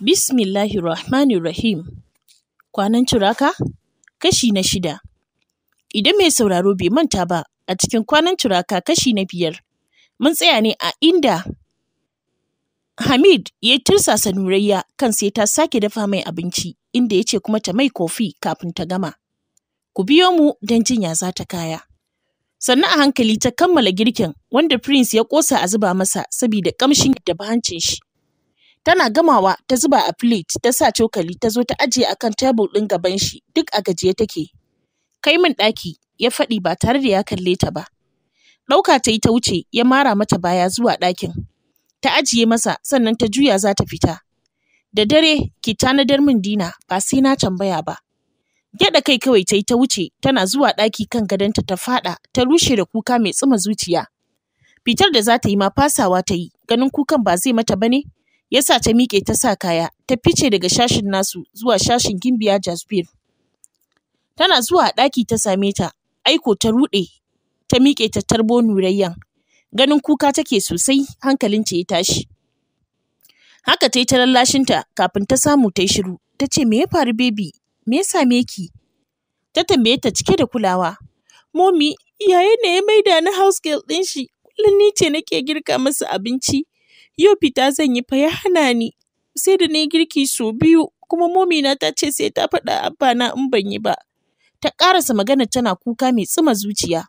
Bismillahi Rahmanir Rahim. Kwanan turaka, kashi na shida. Idan mai sauraro bai manta ba, a cikin kwanan turaka kashi na biyar, mun tsaya ne a inda Hamid ya tirsasa Nurayya kan sai ta sake dafa mai abinci, inda ya ce kuma ta mai kofi kafin ta gama. Ku biyo mu don jinya za ta kaya. Sannan a hankali ta kammala girkin wanda Prince ya ƙosa a zuba masa saboda ƙamshin da bahancin shi. Tana gamawa ta zuba a plate ta sa cokali ta zo ta ajiye a kan tebur ɗin gaban shi duk a gajiye take. Kai min ɗaki ya faɗi ba tare da ya kalle ta ba. Ɗauka ta yi ta wuce ya mara mata baya zuwa ɗakin. Ta ajiye masa sannan ta juya za ta fita. Da dare ki tanadar min dina ba sai na tambaya ba. Gyaɗa kai kawai ta yi ta wuce tana zuwa ɗaki kan gadonta ta faɗa ta rushe da kuka mai tsuma zuciya. Fitar da za ta yi ma fasawa ta yi ganin kukan ba zai mata ba ne ya sa ta miƙe ta sa kaya ta fice daga shashin nasu zuwa shashin gimbiya jasbir tana zuwa a ɗaki ta same ta aiko ta ruɗe ta miƙe ta tarbo nurayyan ganin kuka take sosai hankalin ce ya tashi haka ta yi ta lallashinta kafin ta samu ta yi shiru ta ce me ya faru bebi me ya same ki ta tambaye ta cike da kulawa momi yaya ne ya maida ni house girl ɗin shi kullum ni ce nake girka masa abinci yau fita zan yi fa ya hana ni. Sai da na yi girki sau biyu kuma momina ta ce sai ta faɗa abba na in ban yi ba. Ta ƙarasa magana tana kuka mai tsima zuciya.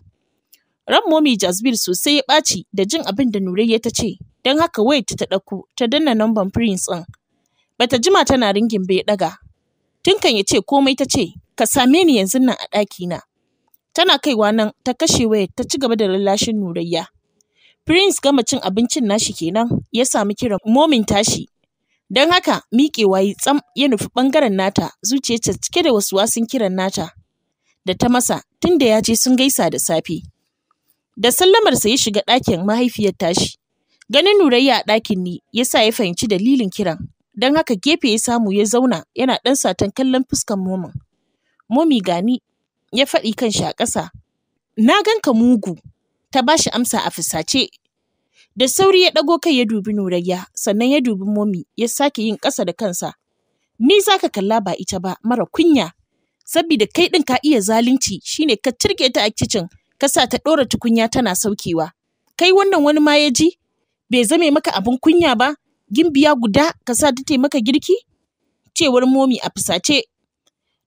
Ran momi Jazbir sosai ya ɓaci da jin abin da Nurayya ta ce, don haka wayarta ta ɗauko ta danna namban prince ɗin. Bata jima tana ringin bai ɗaga. Tun kan ya ce komai ta ce, ka same ni yanzu nan a ɗaki na. Tana kaiwa nan ta kashe wayar ta ci gaba da lallashin Nurayya. Prince gama cin abincin nashi kenan ya samu kiran momin tashi. Don haka miƙewa yi tsam ya nufi ɓangaren nata zuciyarta cike da wasu wasun kiran nata da ta masa tun da ya je sun gaisa da safe. Da sallamar sa ya shiga ɗakin mahaifiyar tashi. Ganin Nurayya a ɗakin ne ya sa ya fahimci dalilin kiran. Don haka gefe ya samu ya zauna yana ɗan satan kallon fuskan momin. Momi gani ya faɗi kan shi a ƙasa. Na ganka mugu. Ta bashi amsa a fusace Da sauri ya ɗago kai ya dubi Nurayya, sannan ya dubi Momi, ya sake yin ƙasa da kansa. Ni za ka kalla ba ita ba, mara kunya. Sabida kai ɗin ka iya zalunci, shine ka cirke ta a kicin, ka sa ta ɗora tukunya tana saukewa. Kai wannan wani ma ya ji? Bai zame maka abin kunya ba? Gimbiya guda ka sa ta taimaka girki? Cewar Momi a fusace.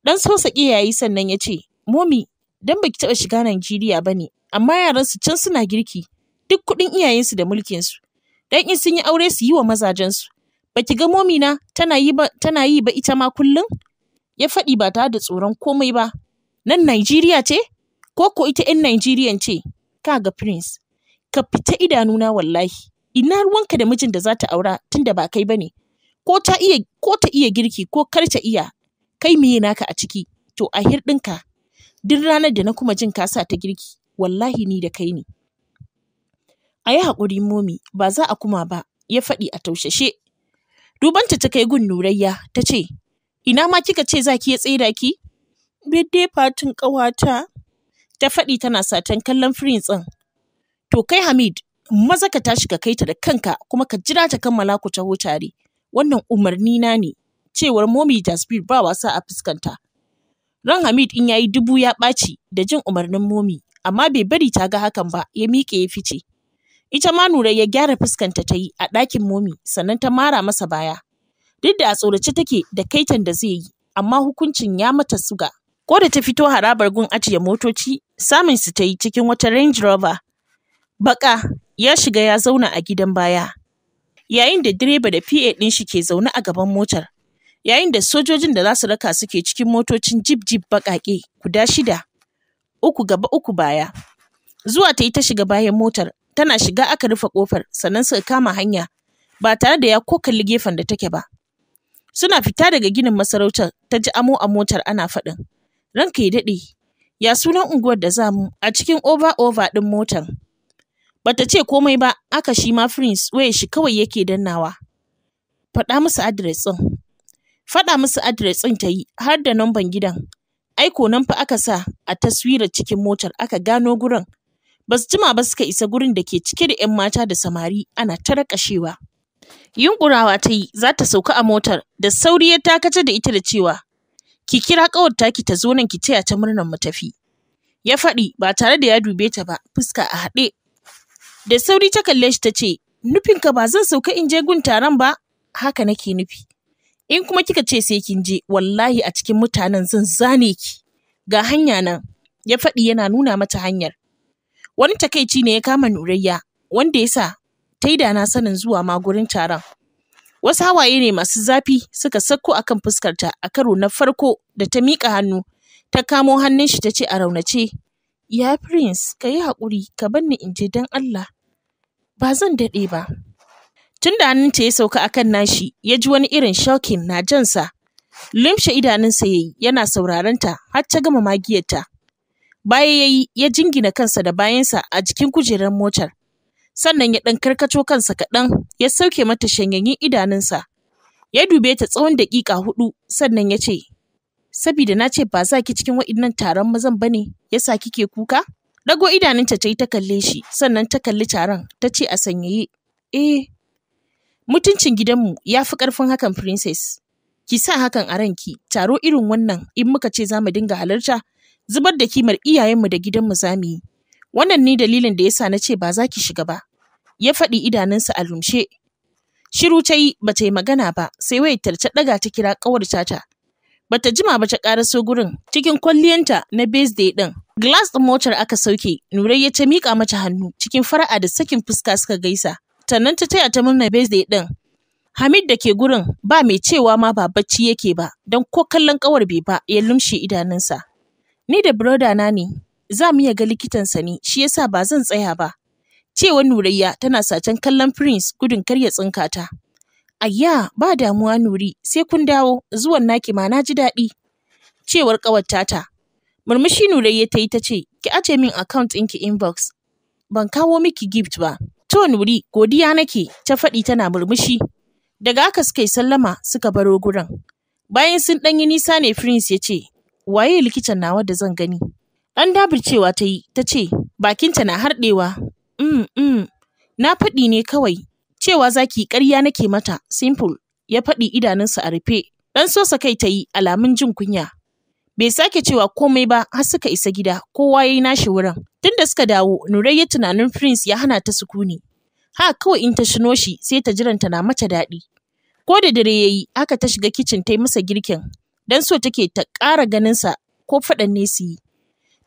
Ɗan sosaƙi yayi sannan ya ce, Momi, don baki taɓa shiga Najeriya ba ne, amma yaran su can suna girki. duk kuɗin iyayensu da mulkinsu. Dan in sun yi aure su yi wa mazajensu. Ba ki ga momina tana yi ba, tana yi ba ita ma kullum? Ya faɗi ba tare da tsoron komai ba. Nan Najeriya ce? Ko ko ita 'yan Najeriyan ce? Ka ga Prince, ka fita idanuna wallahi. Ina ruwanka da mijin da za ta aura tun da ba kai ba ne. Ko ta iya, ko ta iya girki ko kar ta iya, kai meye naka a ciki? To a hirɗinka, duk ranar da na kuma jin ka sa ta girki, wallahi ni da kai ne. A yi haƙuri momi, ba za a kuma ba, ya faɗi a taushashe. Dubanta ta kai gun Nurayya ta ce, Ina ma kika ce za ki ya tsaida ki? Bidde fatin ƙawata. Ta faɗi tana satan kallon firinsin. To kai Hamid, maza ka tashi ka kai ta da kanka kuma ka jira ta kammala ku taho tare. Wannan umarni na ne, cewar momi Jasbir ba wasa a fuskanta. Ran Hamid in yayi dubu ya ɓaci da jin umarnin momi, amma bai bari ta ga hakan ba ya miƙe ya fice. Ita ma Nura ya gyara fuskanta ta yi a ɗakin momi sannan ta mara masa baya. Duk da a tsorace take da kaitan da zai yi, amma hukuncin ya mata suga. Ko da ta fito harabar gun ajiye motoci, samun su ta yi cikin wata Range Rover. Baka ya shiga ya zauna a gidan baya. Yayin da direba da PA ɗin shi ke zaune a gaban motar. Yayin da sojojin da za su raka suke cikin motocin jib-jib baƙaƙe guda shida. Uku gaba uku baya. Zuwa ta yi ta shiga bayan motar tana shiga aka rufe kofar sannan suka kama hanya ba tare da ya ko kalli gefen da take ba suna fita daga ginin masarautar ta ji amo a motar ana faɗin ranka ya daɗe ya sunan unguwar da za mu a cikin over over ɗin motar bata ce komai ba aka shi ma prince waya shi kawai yake dannawa faɗa musu adres ɗin faɗa musu adres ɗin ta yi har da namban gidan aiko nan fa aka sa a taswirar cikin motar aka gano gurin Ba jima ba suka isa gurin da ke cike da 'yan mata da samari ana ta raƙashewa. Yunƙurawa ta yi za ta sauka a motar da sauri ya takatar da ita da cewa ki kira ƙawar taki ta zo nan ki taya ta murnar mu tafi. Ya faɗi ba tare da ya dube ta ba fuska a haɗe. Da sauri ta kalle shi ta ce nufinka ba zan sauka in je gun taron ba haka nake nufi. In kuma kika ce sai kin je wallahi a cikin mutanen zan zane ki. Ga hanya nan ya faɗi yana nuna mata hanyar. Wani takaici ne ya kama Nurayya wanda ya sa ta yi da sanin zuwa ma gurin taron. Wasu hawaye ne masu zafi suka sakko kan fuskarta a karo na farko da ta miƙa hannu ta kamo hannun shi ta ce a raunace, Ya Prince, ka yi haƙuri, ka bar ni in je don Allah. Ba zan daɗe ba. Tun da hannunta ya sauka a kan nashi, ya ji wani irin shocking na jansa. Limshe idanunsa ya yi yana sauraron ta har ta gama magiyarta. bayan ya yi ya jingina kansa da bayansa a jikin kujerar motar. Sannan ya ɗan karkaco kansa kaɗan ya sauke mata shanyayyin idanunsa. Ya dube ta tsawon daƙiƙa huɗu sannan ya ce, Sabida na ce ba za ki cikin waɗannan taron mazan ba ne, ya sa kike kuka? Ɗago idanunta ta yi ta kalle shi, sannan ta kalli taron, ta ce a sanyaye, Eh, mutuncin gidanmu ya fi ƙarfin hakan princess. Ki sa hakan a ranki, taro irin wannan in muka ce za mu dinga halarta, zubar da kimar iyayenmu da gidanmu za mu yi. Wannan ne dalilin da yasa na ce ba za ki shiga ba. Ya faɗi idanunsa a lumshe. Shiru ta yi ba ta yi magana ba sai wai tarce ɗaga ta kira ƙawar ta Ba ta jima ba ta ƙaraso gurin cikin kwalliyanta na birthday ɗin. Glass ɗin motar aka sauke, Nurai ya ta miƙa mata hannu cikin fara'a da sakin fuska suka gaisa. Sannan ta taya ta murna birthday ɗin. Hamid da ke gurin ba mai cewa ma ba bacci yake ba don ko kallon ƙawar bai ba ya lumshe idanunsa. Ni da broda na ne, za mu iya ga likitansa ne, shi yasa ba zan tsaya ba. Cewa Nurayya tana sacen kallon Prince gudun kar ya tsinka ta. Ayya, ba damuwa Nuri, sai kun dawo, zuwan naki ma na ji daɗi. Cewar ƙawarta tata. Murmushi Nurayya ta yi ta ce, ki ace min account ɗinki inbox. Ban kawo miki gift ba. To Nuri, godiya nake, ta faɗi tana murmushi. Daga aka suka yi sallama suka baro gurin. Bayan sun ɗan yi nisa ne Prince ya ce, waye likitan nawa da zan gani? Ɗan dabircewa ta yi, ta ce, bakinta na harɗewa. Mm, mm, na faɗi ne kawai, cewa za ki ƙarya nake mata, simple, ya faɗi idanunsa a rufe. Ɗan sosa kai ta yi alamun jin kunya. Bai sake cewa komai ba har suka isa gida, kowa ya yi nashi wurin. Tunda suka dawo, Nurai ya tunanin Prince ya hana ta sukuni. Ha kawai in ta shino shi sai ta jiranta na mata daɗi. Ko da dare ya yi, haka ta shiga kicin ta yi masa girkin, don so take ta ƙara ganinsa ko faɗan ne su yi.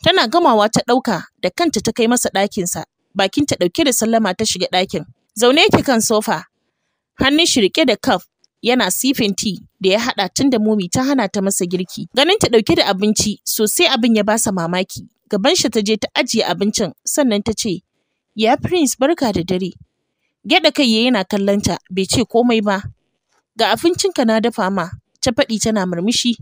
Tana gamawa ta ɗauka da kanta ta kai masa ɗakinsa, bakinta ɗauke da sallama ta shiga ɗakin. Zaune yake kan sofa, hannun shi riƙe da kaf yana sifin ti da ya haɗa tun da momi ta hana ta masa girki. Ganin ta ɗauke da abinci sosai abin ya basa mamaki. Gaban shi ta je ta ajiye abincin sannan ta ce, Ya Prince barka da dare. Gyaɗa kai ya yana kallon bai ce komai ba. Ga abincinka na dafa ma ta faɗi tana murmushi.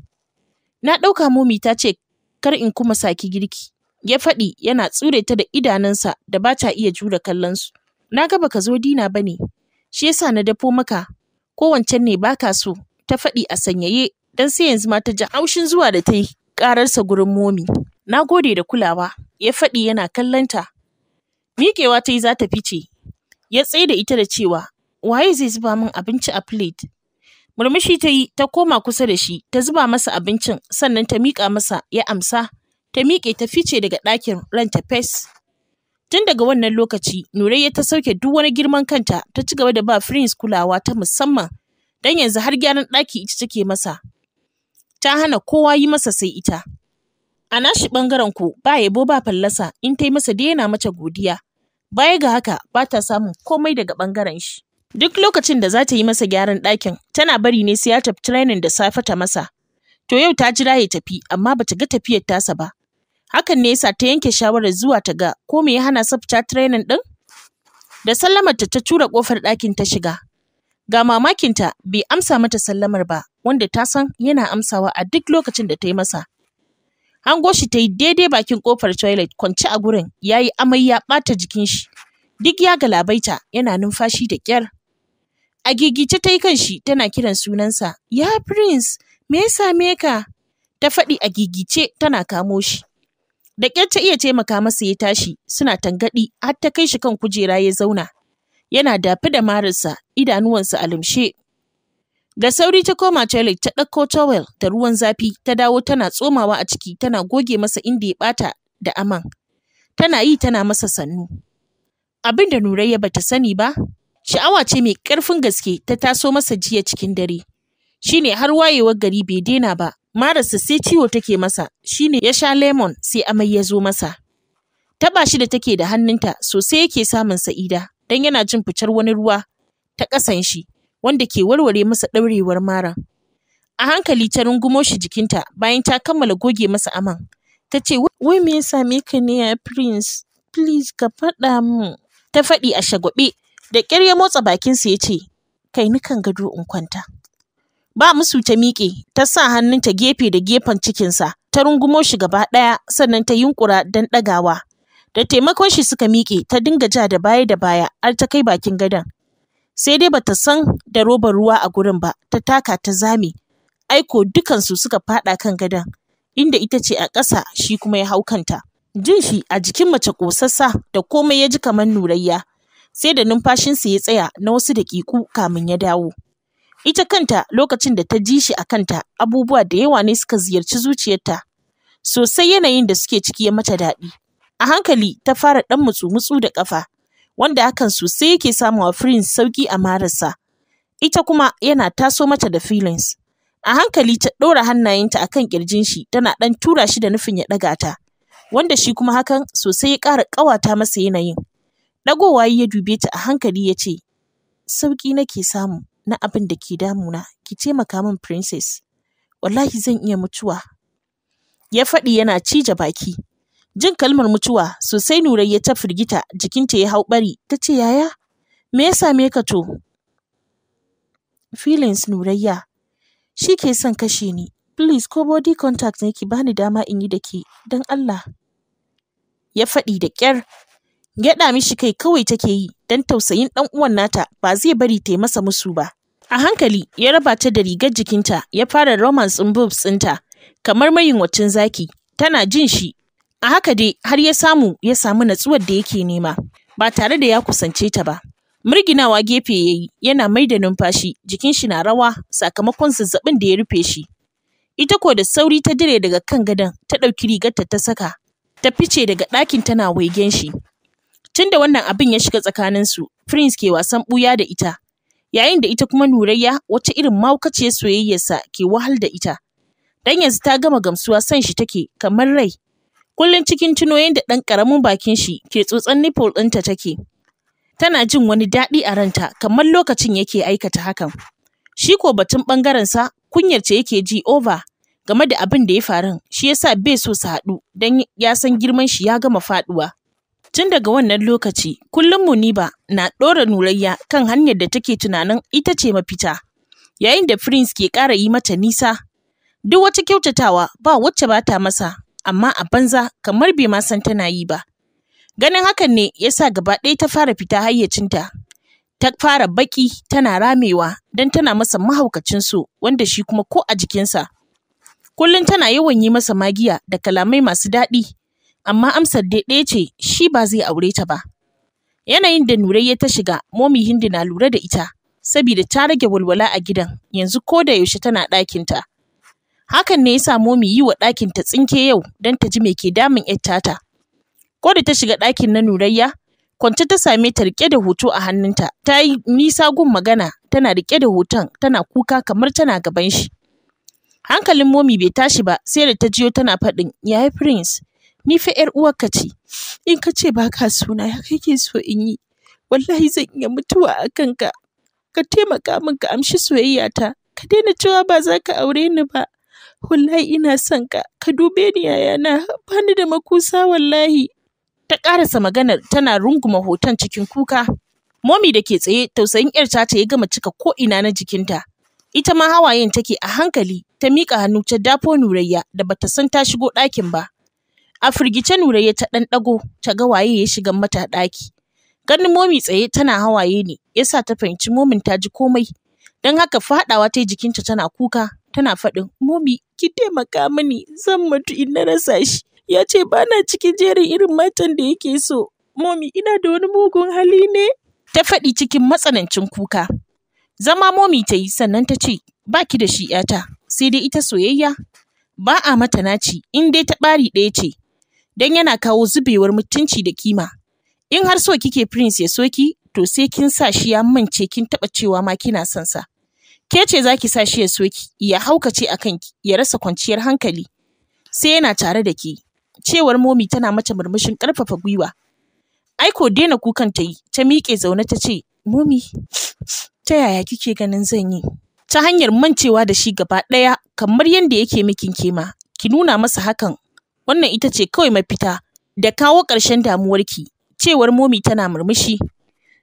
Na ɗauka momi ta ce kar in kuma saki girki. Ya faɗi yana tsure ta da idanunsa da ba ta iya jure kallonsu. Na ga baka zo dina ba ne, shi yasa na dafo maka, kowancan ne ne baka so, ta faɗi a sanyaye don sai yanzu ma ta ji haushin zuwa da ta yi ƙararsa gurin momi. Na gode da kulawa, ya faɗi yana kallonta. Miƙewa ta yi za ta fice, ya tsaye da ita da cewa, waye zai zuba min abinci a plate? Murmushi ta yi ta koma kusa da shi ta zuba masa abincin sannan ta miƙa masa ya amsa ta miƙe ta fice daga ɗakin ranta fes. Tun daga wannan lokaci Nurayya ta sauke duk wani girman kanta ta ci gaba da ba firins kulawa ta musamman don yanzu har gyaran ɗaki ita take masa. Ta hana kowa yi masa sai ita. A nashi ɓangaren ku ba yabo ba fallasa in ta yi masa daina mace godiya. Baya ga haka ba ta samun komai daga ɓangaren shi. Duk lokacin da za ta yi masa gyaran ɗakin, tana bari ne sai ya tafi training da safe ta masa. To yau ta jira ya tafi, amma ba ta ga tafiyar tasa ba. Hakan ne yasa ta yanke shawarar zuwa ta ga ko me ya hana sa fita training ɗin? Da sallamar ta tura kofar ɗakin ta shiga. Ga mamakinta bai amsa mata sallamar ba, wanda ta san yana amsawa a duk lokacin da ta yi masa. Hango shi ta yi daidai bakin kofar toilet kwance a gurin, ya yi amai ya ɓata jikin shi. Duk ya galabaita yana numfashi da kyar. A gigice ta yi kan shi tana kiran sunansa, ya Prince, me ya same ka? Ta faɗi a gigice tana kamo shi. Da ƙyarta iya taimaka masa ya tashi, suna tangaɗi har ta kai shi kan kujera ya zauna. Yana dafi da marinsa idanuwansa a lumshe. Da sauri ta koma toilet ta ɗauko towel da ruwan zafi ta dawo tana tsomawa a ciki tana goge masa inda ya ɓata da aman. Tana yi tana masa sannu. Abin da Nurayya bata sani ba, Sha'awa ce mai ƙarfin gaske ta taso masa jiya cikin dare. Shi ne har wayewar gari bai daina ba, marasa sai ciwo take masa, shi ne ya sha lemon sai amai ya zo masa. Taɓa shi da take da hannunta sosai yake samun sa'ida, don yana jin fitar wani ruwa ta ƙasan shi, wanda ke warware masa ɗaurewar mara. A hankali ta rungumo shi jikinta bayan ta kammala goge masa aman. Ta ce, wai me ya same ka ne ya prince? Please ka faɗa mu Ta faɗi a shagwaɓe Da ƙyar ya motsa bakinsa ya ce, kai ni kan gado in kwanta. Ba musu ta miƙe, ta sa hannunta gefe da gefen cikinsa, ta rungumo shi gaba ɗaya sannan ta yunƙura don ɗagawa. Da taimakon shi suka miƙe, ta dinga ja da baya da baya har ta kai bakin gadon. Sai dai bata san da robar ruwa a gurin ba, ta taka ta zame. Aiko dukansu suka faɗa kan gadon, inda ita ce a ƙasa shi kuma ya haukanta. Jin shi a jikin mace ƙosassa da komai ya ji kamar nurayya. sai da numfashinsa ya tsaya na wasu daƙiƙu kamin ya dawo. Ita kanta lokacin da ta ji shi a kanta abubuwa da yawa ne suka ziyarci zuciyarta. Sosai yanayin da suke ciki ya mata daɗi. A hankali ta fara ɗan mutsu-mutsu da ƙafa, wanda hakan sosai yake wa Prince sauƙi a mararsa. Ita kuma yana taso mata da feelings. A hankali ta ɗora hannayenta a kan ƙirjin shi tana ɗan tura shi da nufin ya ɗaga ta, wanda shi kuma hakan sosai ya ƙara ƙawata masa yanayin. Ɗagowa ya dube ta a hankali ya ce, Sauƙi nake samu na abin da ke damuna, ki taimaka min Princess, wallahi zan iya mutuwa. Ya faɗi yana cije baki. Jin kalmar mutuwa sosai Nurayya ta firgita jikinta ya hau ɓari ta ce yaya me ya same ka to? Feelings Nurayya shi ke son kashe ni please ko body contact ne ki bani dama in yi da ke don Allah. Ya faɗi da ƙyar Gyaɗa mishi kai kawai take yi don tausayin ɗan uwan nata ba zai bari ta masa musu ba. A hankali ya raba ta da rigar jikinta ya fara romance in boobs ɗinta kamar mayunwacin zaki tana jin shi. A haka dai har ya samu ya samu natsuwar da yake nema ba tare da ya kusance ta ba. Murginawa gefe ya yi yana mai da numfashi jikin shi na rawa sakamakon zazzaɓin da ya rufe shi. Ita ko da sauri ta dire daga kan gadon ta ɗauki rigarta ta saka ta fice daga ɗakin tana waigen shi. Tun da wannan abin ya shiga tsakaninsu, Prince ke wasan buya da ita, yayin da ita kuma Nurayya wata irin soyayyar soyayyarsa ke wahal da ita. Dan yanzu ta gama gamsuwa son shi take kamar rai. Kullum cikin tuno da ɗan ƙaramin bakin shi ke tsotson nipple ɗinta take. Tana jin wani daɗi a ranta kamar lokacin yake aikata hakan. Shi ko batun ɓangarensa kunyar ce yake ji over game da abin da ya faru shi yasa bai so su haɗu don ya san girman shi ya gama faɗuwa. Tun daga wannan lokaci, kullum Muniba na ɗora Nurayya kan hanyar da take tunanin ita ce mafita, yayin da Prince ke ƙara yi mata nisa. Duk wata kyautatawa ba wacce ba ta masa, amma a banza kamar bai ma san tana yi ba. Ganin hakan ne ya sa gaba ɗaya ta fara fita hayyacinta. Ta fara baƙi tana ramewa don tana masa mahaukacin so wanda shi kuma ko a jikinsa. Kullum tana yawan yi masa magiya da kalamai masu daɗi amma amsar dai ɗaya ce shi ba zai aure ta ba. Yanayin da Nurayya ta shiga, Momi Hindi na lura da ita, saboda ta rage walwala a gidan, yanzu ko da yaushe tana ɗakinta. Hakan ne ya sa Momi yi wa ɗakinta tsinke yau don ta ji me ke damun ‘yar tata. Ko da ta shiga ɗakin na Nurayya, kwance ta same ta riƙe da hoto a hannunta, ta yi nisa gun magana, tana riƙe da hoton, tana kuka kamar tana gaban shi. Hankalin Momi bai tashi ba sai da ta jiyo tana faɗin, yi Prince, ni fa ‘yar uwarka ce in ka ce ba ka suna ya kake so in yi wallahi zan iya mutuwa a kanka ka taimaka min ka amshi soyayya ta ka daina cewa ba za ka aure ni ba wallahi ina son ka ka dube ni yayana ba ni da makusa wallahi ta ƙarasa maganar tana runguma hoton cikin kuka momi da ke tsaye tausayin 'yar ta ya gama cika ko ina na jikinta ita ma hawayen take a hankali ta miƙa hannu ta dafo nurayya da bata san ta shigo ɗakin ba A firgice ya ta ɗan ɗago ta ga waye ya shiga mata ɗaki. Ganin momi tsaye tana hawaye ne ya sa ta fahimci momin ta ji komai. Don haka faɗawa ta yi jikinta tana kuka tana faɗin momi ki taimaka mini zan mutu in na rasa shi. Ya ce ba na cikin jerin irin matan da yake so. Momi ina da wani mugun hali ne. Ta faɗi cikin matsanancin kuka. Zama momi ta yi sannan ta ce ba ki da shi ‘yata sai dai ita soyayya ba a mata naci in dai ta ɓari ɗaya ce Dan yana kawo zubewar mutunci da kima. In har so kike prince ya soki, to sai kin sa shi ya mance kin taɓa cewa ma kina son sa. Ke ce za ki sa shi ya soki, ya haukace a kanki, ya rasa kwanciyar hankali. Sai yana tare da ke. Cewar momi tana mata murmushin ƙarfafa gwiwa. Ai ko daina kukan ta yi, ta miƙe zaune ta ce, Momi, ta yaya kike ganin zan yi? Ta hanyar mancewa da shi gaba ɗaya kamar yadda yake mikin kema, ki nuna masa hakan Wannan ita ce kawai mafita da kawo ƙarshen damuwarki, cewar Momi tana murmushi.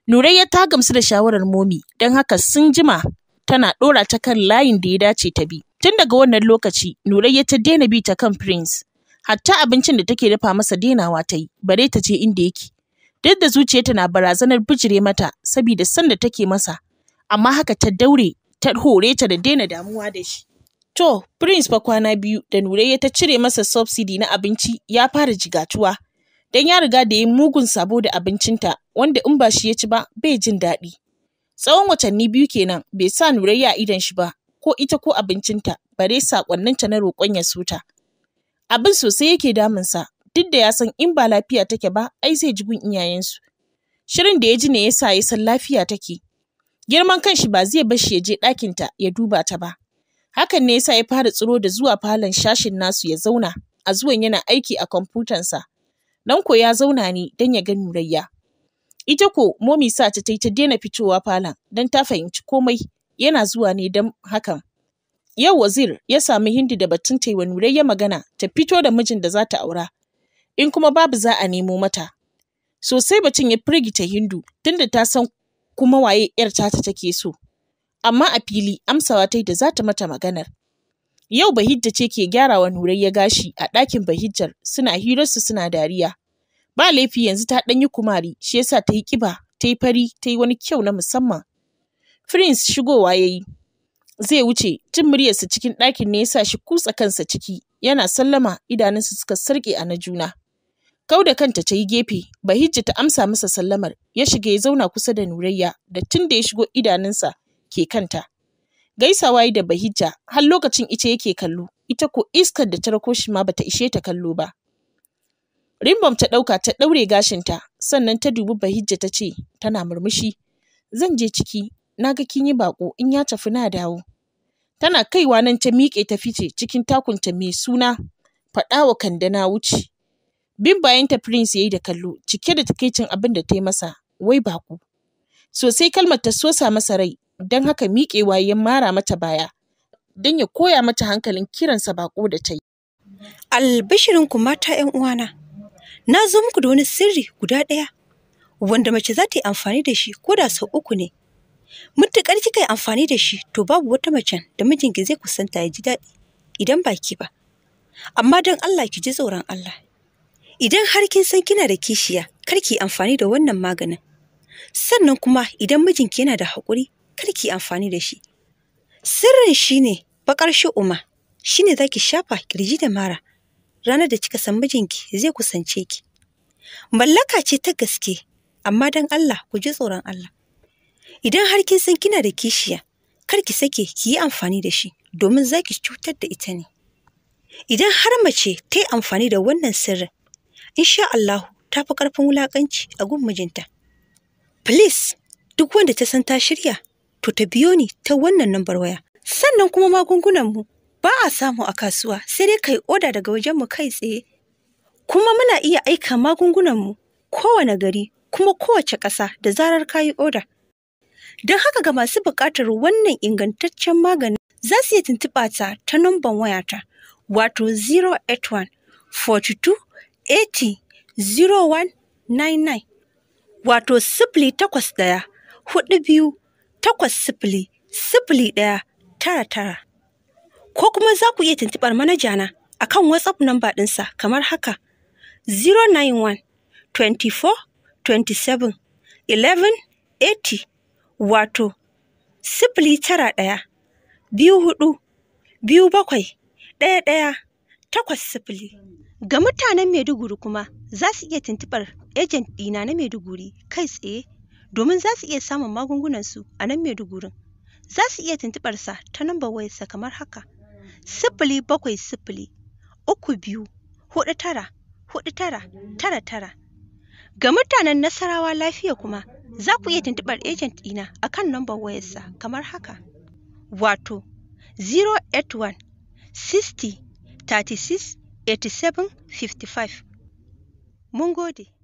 Nurayya ta gamsu da shawarar Momi, don haka sun jima tana ɗora ta kan layin da ya dace ta bi. Tun daga wannan lokaci, Nurayya ta daina bi ta kan Prince. Hatta abincin da take dafa masa denawa ta yi, bare ta je inda yake. Duk da zuciyarta na barazanar bijire mata saboda son da take masa, amma haka ta daure ta hore ta da daina damuwa da shi. To, Prince fa kwana biyu da ya ta cire masa subsidy na abinci ya fara jigatuwa. Dan ya riga da ya mugun sabo da abincinta wanda in ba shi ya ci ba bai jin daɗi. Tsawon watanni biyu kenan bai sa a idon shi ba ko ita ko abincinta bare sakonninta na roƙon ya suta. Abin sosai yake damunsa duk da ya san in ba lafiya take ba ai zai ji gun iyayensu. Shirin da ya ji ne ya sa ya san lafiya take. Girman kanshi ba zai bar shi ya je ɗakinta ya duba ta ba. Hakan ne yasa ya fara tsiro da zuwa falon sashin nasu ya zauna, a zuwan yana aiki a kwamfutansa. Nan ko ya zauna ne don ya ga Nurayya. Ita ko momi sa ta ta daina fitowa falon don ta fahimci komai yana zuwa ne don hakan. Yau wazir ya sami hindi da batun ta yi wa Nurayya magana ta fito da mijin da za ta aura. In kuma babu za a nemo mata. Sosai batun ya firgita hindu tunda ta san kuma waye 'yar tata take so. amma a fili amsawa ta da za ta mata maganar. Yau Bahijja ce ke gyarawa Nurayya gashi a ɗakin Bahijjar suna hirarsu suna dariya. Ba laifi yanzu ta ɗanyi kumari shi yasa ta yi ƙiba, ta yi fari, ta yi wani kyau na musamman. Prince shigowa ya yi. Zai wuce jin muryarsa cikin ɗakin ne yasa shi kutsa kansa ciki yana sallama idanunsa suka sarƙe a na juna. Kau da kanta ta yi gefe, Bahijja ta amsa masa sallamar, ya shiga ya zauna kusa da Nurayya da tun da ya shigo idanunsa ke kanta. Gaisawa da Bahijja har lokacin ita yake kallo, ita ko iskar da ta rako shi ma ta ishe ta kallo ba. Rimbam ta ɗauka ta ɗaure gashinta, sannan ta dubi Bahijja ta ce, tana murmushi, zan je ciki, na ga kin yi baƙo in ya tafi na dawo. Tana kaiwa nan ta miƙe ta fice cikin takunta mai suna, Faɗawa wa kanda na wuce. Bin bayanta Prince ya yi da kallo, cike da takaicin abin da ta yi masa, wai baƙo. Sosai kalmar ta sosa masa rai, don haka miƙewa ya mara mata baya don ya koya mata hankalin kiransa baƙo da ta yi. ku mata ‘yan uwana, na zo muku da wani sirri guda ɗaya wanda mace za ta yi amfani da shi ko da sau uku ne. Mutuƙar kika yi amfani da shi to babu wata macen da mijinki zai kusanta ya ji daɗi idan ba ki ba. Amma don Allah ki ji tsoron Allah. Idan har kin san kina da kishiya, kar ki amfani da wannan maganin. Sannan kuma idan mijinki yana da haƙuri, kar ki amfani da shi sirrin shine bakar shi'uma shine zaki shafa kirji da mara ranar da kika san mijinki zai kusance ki mallaka ce ta gaske amma dan Allah ku ji tsoron Allah idan har kin san kina da kishiya kar ki sake ki yi amfani da shi domin zaki cutar da ita ne idan har mace ta yi amfani da wannan sirrin insha Allah ta fi karfin wulaƙanci a gun mijinta please duk wanda ta san ta shirya to ta biyo ni ta wannan nambar waya. Sannan kuma magungunanmu ba a samu a kasuwa sai dai kai oda daga wajenmu kai tsaye. Kuma muna iya aika magungunanmu kowane gari kuma kowace ƙasa da zarar ka yi oda. Don haka ga masu buƙatar wannan ingantaccen magani za su iya tuntuɓa ta ta namban wayata wato 081 42 80 0199 wato sifili takwas ɗaya hudu biyu takwas sifili sifili ɗaya tara tara. Ko kuma za ku iya tuntuɓar manaja na a kan WhatsApp namba ɗinsa kamar haka 091 24 27 11 80 wato sifili tara ɗaya biyu hudu biyu bakwai ɗaya ɗaya takwas sifili. Ga mutanen Maiduguri kuma za su iya tuntuɓar ejent ɗina na Maiduguri kai tsaye domin za su iya samun magungunansu a nan Maidugurin. Za su iya sa ta nambar wayarsa kamar haka. Sifili bakwai sifili uku biyu hudu tara hudu tara tara tara. Ga mutanen Nasarawa lafiya kuma za ku iya tuntuɓar agent ɗina a kan nambar wayarsa kamar haka. Wato 081 60 36 87 55. Mun gode.